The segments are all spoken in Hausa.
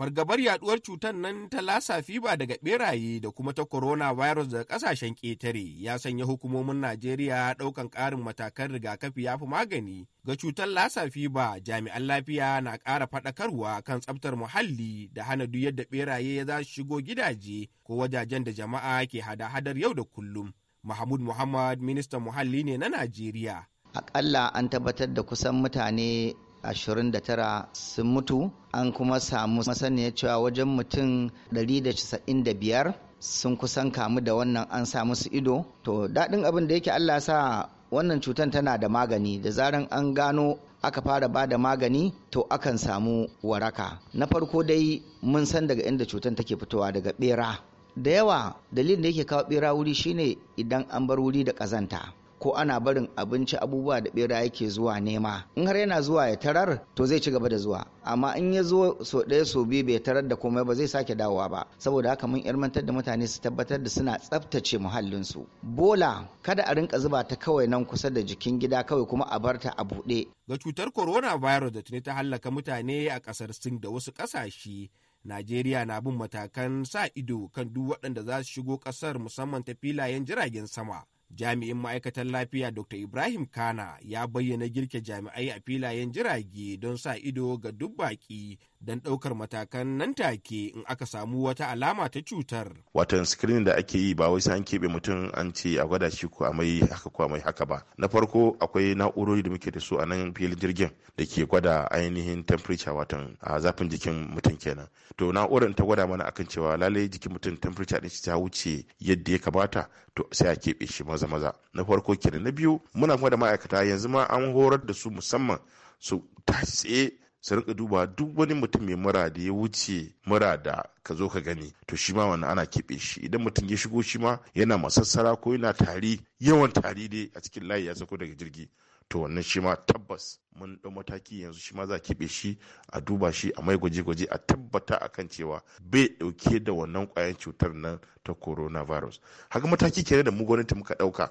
fargabar yaduwar cutar nan ta lasa fiba daga beraye da kuma ta coronavirus daga kasashen ketare ya sanya hukumomin najeriya ɗaukan ƙarin matakan rigakafi ya fi magani ga cutar lasa fiba jami'an lafiya na ƙara faɗakarwa kan tsabtar muhalli da hana duk yadda beraye ya za su shigo gidaje ko wajajen da jama'a ke hada-hadar yau da kullum mahmud muhammad ministan muhalli ne na najeriya akalla an tabbatar da kusan mutane 29 sun mutu an kuma samu masaniya cewa wajen mutum 195 sun kusan kamu da wannan an sa musu ido to daɗin abin da yake allah sa wannan cutar tana da magani da zaran an gano aka fara ba da magani to akan samu waraka na farko dai mun san daga inda cutar take fitowa daga bera da yawa dalilin da yake kawo bera wuri shine idan an bar wuri da ƙazanta ko ana barin abinci abubuwa da bera yake zuwa nema in har yana zuwa ya tarar to zai ci gaba da zuwa amma in ya zo so ɗaya so biyu bai tarar da komai ba zai sake dawowa ba saboda haka mun ilmantar da mutane su tabbatar da suna tsaftace muhallinsu bola kada a rinka zuba ta kawai nan kusa da jikin gida kawai kuma a barta a buɗe ga cutar corona virus da tuni ta hallaka mutane a ƙasar sin da wasu ƙasashe Najeriya na bin matakan sa ido kan duk waɗanda za su shigo ƙasar musamman ta filayen jiragen sama. jami'in ma'aikatar lafiya dr ibrahim kana ya bayyana girke jami'ai a filayen jirage don sa ido ga duk baki don ɗaukar matakan nan take in aka samu wata alama ta cutar watan screening da ake yi ba wai sai an keɓe mutum an ce a gwada shi ko a mai haka ko a mai haka ba na farko akwai na'urori da muke da su a nan filin jirgin da ke gwada ainihin temperature watan a zafin jikin mutum kenan to na'urar ta gwada mana akan cewa lalai jikin mutum temperature ɗin ta wuce yadda ya kamata to sai a keɓe shi maza maza-maza na farko kenan na biyu muna kuma da ma'aikata yanzu ma an horar da su musamman su tashi su rinka duba duk wani mutum mai mura da ya wuce mura da ka zo ka gani to shi ma wannan ana keɓe shi idan mutum ya shigo shi ma yana masassara ko yana tari yawan tari dai a cikin layi ya sako daga jirgi to wannan shi ma tabbas mun ɗau mataki yanzu shi ma za a shi a duba shi a mai gwaje-gwaje a tabbata a kan cewa bai ɗauke da wannan ƙwayan cutar nan ta coronavirus haka mataki kenan da mu ta muka ɗauka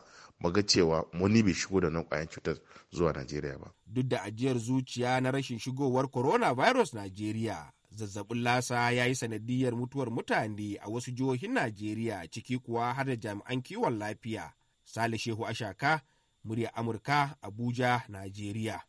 ga cewa muni bai shigo da wannan ƙwayan cutar zuwa najeriya ba duk da ajiyar zuciya na rashin shigowar coronavirus najeriya zazzabin lasa ya yi sanadiyar mutuwar mutane a wasu jihohin najeriya ciki kuwa har da jami'an kiwon lafiya sale shehu ashaka murya Amurka, Abuja, Najeriya.